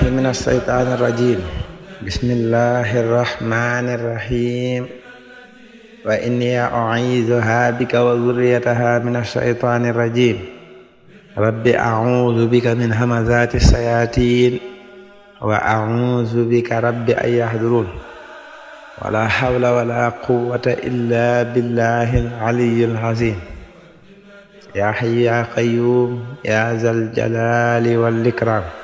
billahi min alsheytaani irrajim bismillahi irrahmani irrahim wa inni u'iizuha bika wa zurriyataha min alsheytaani irrajim rabbi a'uuzu bika min hamazaati sayaatiin wa a'uuzu bika rabbi an yahduruun wala hawla wala quwwata illa billahi al-'aliyyi al-'aziim yaa hayyu yaa qayyuum yaa zal jalaali wal ikraam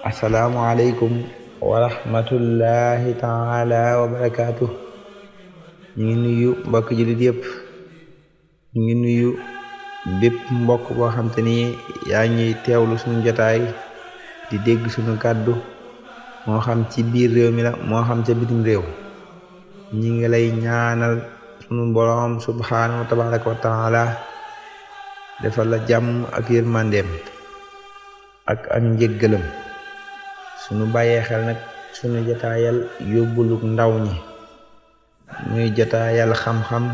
asalaamu aleykum wa rahmatullahi taala wa barakaatu ngi nuyu mbokk jullit yëpp ñu ngi nuyu bépp mbokk boo xam te ni yaa ñuy teewlu suñu jotaay di dégg suñu kàddu moo xam ci biir réew mi la moo xam ca bitim réew ñi ngi lay ñaanal sunu boroom subhaanahu wa tabaraka wa defal la jàmm ak yërmandeem ak ak njëggalam suñu bàyyee xel nag suñu jataayal yóbbuluk ndaw ñi muy jataayal xam-xam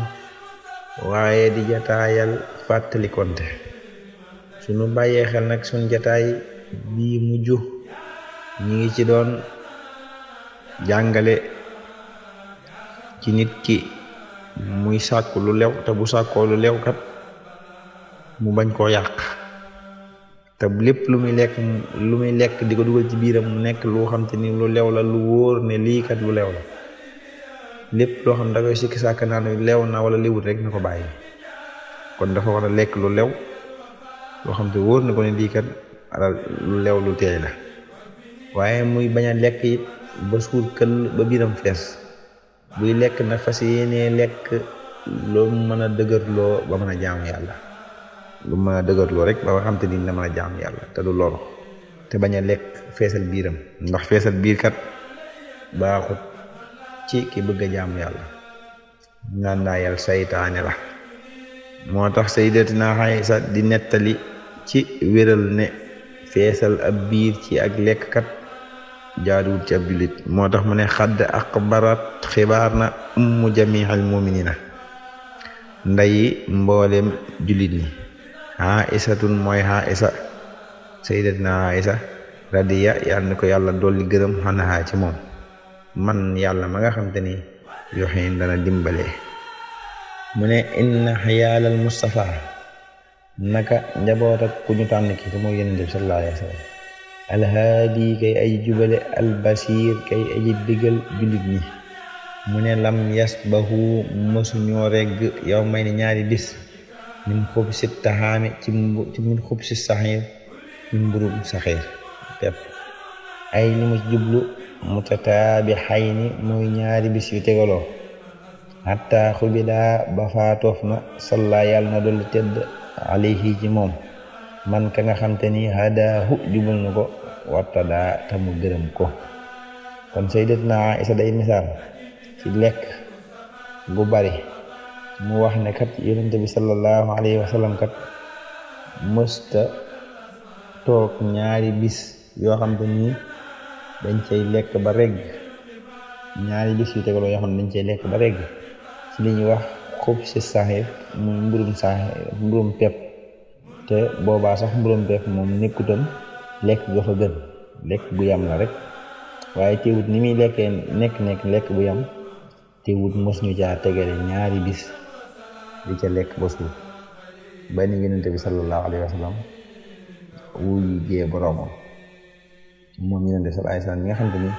waaye di jataayal fàttalikonte suñu bàyyee xel nag suñ jataay bii mujj ñi ngi ci doon jàngale ci nit ki muy sàkku lu lew te bu sàkkoo lu lew kat mu bañ koo yàq te lépp lu muy lekk lu muy lekk di ko dugal ci biiram mu nekk lu xam te ni lu lew la lu wóor ne lii kat lu lew la lépp loo xam da koy sikki sàkk naan na wala liwut rek na ko bàyyi kon dafa war a lekk lu lew loo xam na ko ne lii kat lu lew lu teey la waaye muy bañ a lekk it ba suur këll ba biiram fees buy lekk na fas yéenee lekk loo mën a loo ba mën a jaamu yàlla lu a dëgërloo rek ba nga xam te ni dina mën a jaam yàlla te du loolu te bañ a lekk feesal biiram ndax feesal biir kat baaxut ci ki bëgg a jaam yàlla naan naa yàlla saytaane la moo tax sayyidatina Aysa di nettali ci wéral ne feesal ab biir ci ak lekk kat jaaduwul ci ab jullit moo tax mu ne xadd axbarat xibaar na ummu jamiixal na ndeyi mboolem jullit ñi Aïsatun mooy Aïsa sayyidatuna Aïsa radiya yàlla na ko yàlla dolli gërëm xanaa ci moom man yàlla ma nga xam te ni yoxin dana dimbale mu ne inna xiyaalal Mustafa naka njaboot ak ku ñu tànn ki mooy yonent bi sallallahu wa sallam alhaadi kay ay jubale albasir kay aji digal jullit ñi mu ne lam yasbahu mësuñoo regg yow ñaari bis min xub si taxaami ci mburum saxiir pepp ay li mu ci jublu mutataabi xayni mooy ñaari bis yu tegaloo xataa xubidaa ba faatoof na salla na dolli tedd alayhi ci moom man ka nga xam te ni hadaahu jubal na ko wartadaa te mu gërëm ko kon sayyidatuna Aysa day misaal ci lekk gu bari mu wax ne kat yonent bi sallallahu alayhi wa kat mësta toog ñaari bis yoo xam te nii dañ cay lekk ba regg bis yu tegaloo yoo xam ne dañ cay lekk ba regg ci li wax xub ci saaxir muy mburum saaxir mburum pepp te boobaa sax mburum pepp moom nekkutam lekk ga fa gën lekk bu yam la rek waaye teewut ni muy lekkee nekk nekk lekk bu yam teewut mos ñu caa tegale ñaari bis di ca lekk ba suur ba ni yonente bi sallallahu alayhi wa sallam wuyu jee boroomam moom yonente bi sallallahu alayhi wa nga xam te ni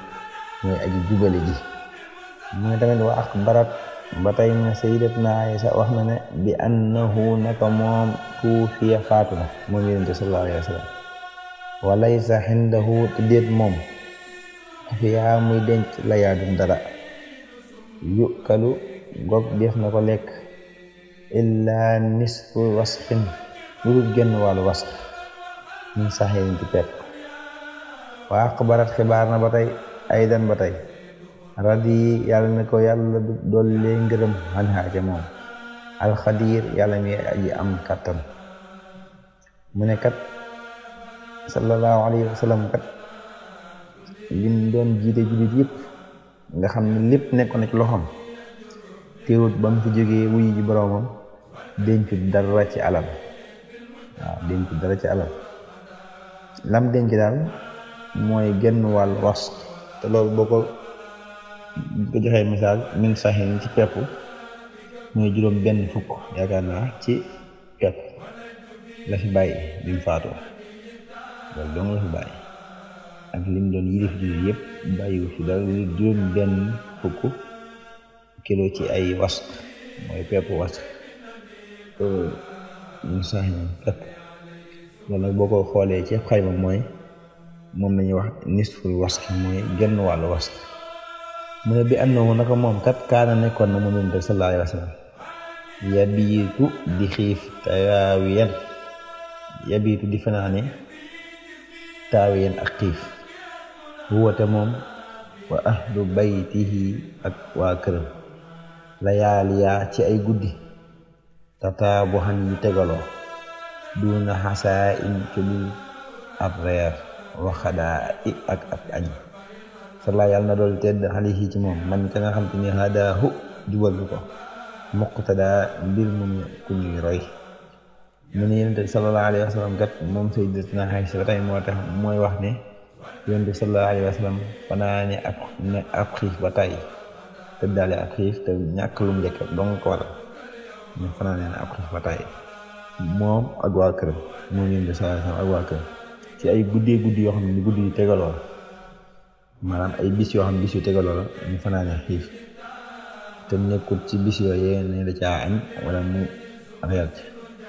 mooy aji jubale ji mu ne tamit wa axbarat ba tey na sayyidatna wax na ne bi annahu naka moom tuufiya faatu na moom yonente sallallahu alayhi wa sallam wa laysa xindahu te déet moom afiyaa muy denc la yaadum dara yukalu gog def na ko lekk illaa nisfu wasxin lu dul genn wàllu wasx min saxee ñu ci pepp waa axbarat xibaar na ba tey aydan ba tey radi yàlla na ko yàlla dolli ngërëm xanaa ca moom alxadir yàlla mi aji am kàttan mu ne kat sallallahu alayhi kat lim doon jiite jullit yëpp nga xam ne lépp nekkoon na ci loxoom téewut ba mu fi jógee wuyu ji denc dara ci alal waaw denc dara ci alal lam denc daal mooy genn wàll was te loolu boo ko ko joxee misaal min saxin ci pepp mooy juróom benn fukk yaakaar naa ci pepp la fi bàyyi bi mu loolu dong la fi bàyyi ak lim doon yilif jullit yëpp bàyyiwu fi dara juróom benn fukk kilo ci ay wasq mooy pepp wasq musaahim takk loolu nag boo ko xoolee ci xayma mooy moom la ñuy wax nisful wask mooy genn wàllu wask mu ne bi annahu naka moom kat kaana nekkoon na mu ne de sallallahu alayhi wa sallam yabiitu di xiif taawiyan yabiitu di fanaane taawiyan ak xiif huwate moom wa ahlu baytihi ak waa këram layaaliyaa ci ay guddi tataabuxan ñu tegaloo duuna xasaa in ci ab reer waxadaa i ak ab añ sala yàlla na dool tedd xalihi ci moom man ka nga xam te ni hadaahu jubal bi ko muqtadaa mbir mu ku ñuy roy mu ne yonent bi sallallahu alayhi wa sallam kat moom sayyidatina Aysa tey moo tax mooy wax ne yonent bi sallallahu alayhi wa fanaane ak xiif ba tàyyi tëddaale ak xiif te ñàkk lu mu njëkk waral ñun fanaanee na ab xef ba tàyyi moom ak waa këram moom yéen bi sallallahu alayhi wasallam ak waa këram ci ay guddee guddi yoo xam ne guddi yu tegaloo la maanaam ay bis yoo xam ne bis yu tegaloo la ñu fanaanee xiif te nekkul ci bis yooyu ne da caa añ wala mu reer ci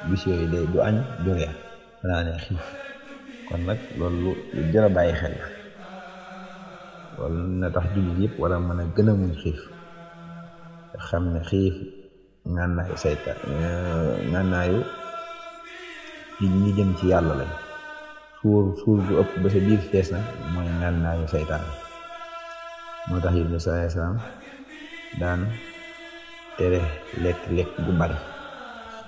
bis yooyu day du añ du reer fanaanee xiif kon nag loolu lu jar a bàyyi xel la loolu na tax jullit yëpp war mën a gën a muñ xiif xam ne xiif ngànnaayu saytaan ngànnaayu nit ñi jëm ci yàlla lañ suur suur bu ëpp ba sa biir fees na mooy ngànnaayu saytaan moo tax Yunus alayhi salaam daan tere lekk lekk bu bari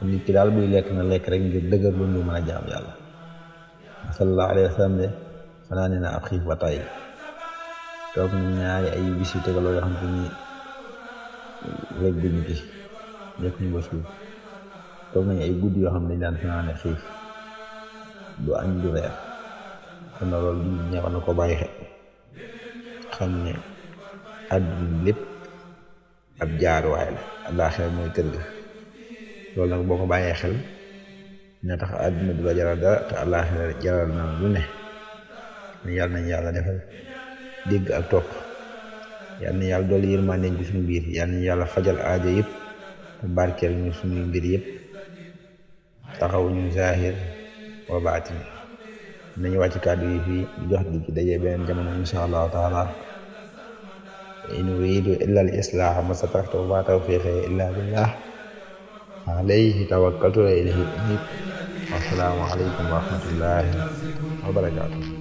nit ki daal buy lekk na lekk rek ngir dëgër lu ñu mën a jaam yàlla sallallahu alayhi de fanaane na ab xiif ba tàyyi toog na ñaari ay bis yu tegaloo yoo xam te ni lekk duñu ci def ñu ba suuf toog ay guddi yoo xam ne daan fanaane xiif du añ du na ko bàyyi xel xam ne àdduna lépp ab jaaruwaay la àllaaxira mooy kër ga loolu nag boo ko bàyyee xel dina tax àdduna du la jaral dara te àllaaxira jaral na lu ne yàlla nañ yàlla defal dégg ak topp yàlla na yàlla dolli yërmande ci suñu biir yàlla na yàlla fajal aajo yëpp barkeel ñu suñuy mbir yëpp taxaw ñu zaahir wa baatin nañu wàcc kàddu yi fii jox di ci dajee beneen jamono insha allahu taala in uridu illa al islaaha ma sataxtu wa ma tawfiqi illa billah alayhi tawakkaltu wa ilayhi unib assalaamu aleykum wa rahmatullahi wa barakatuh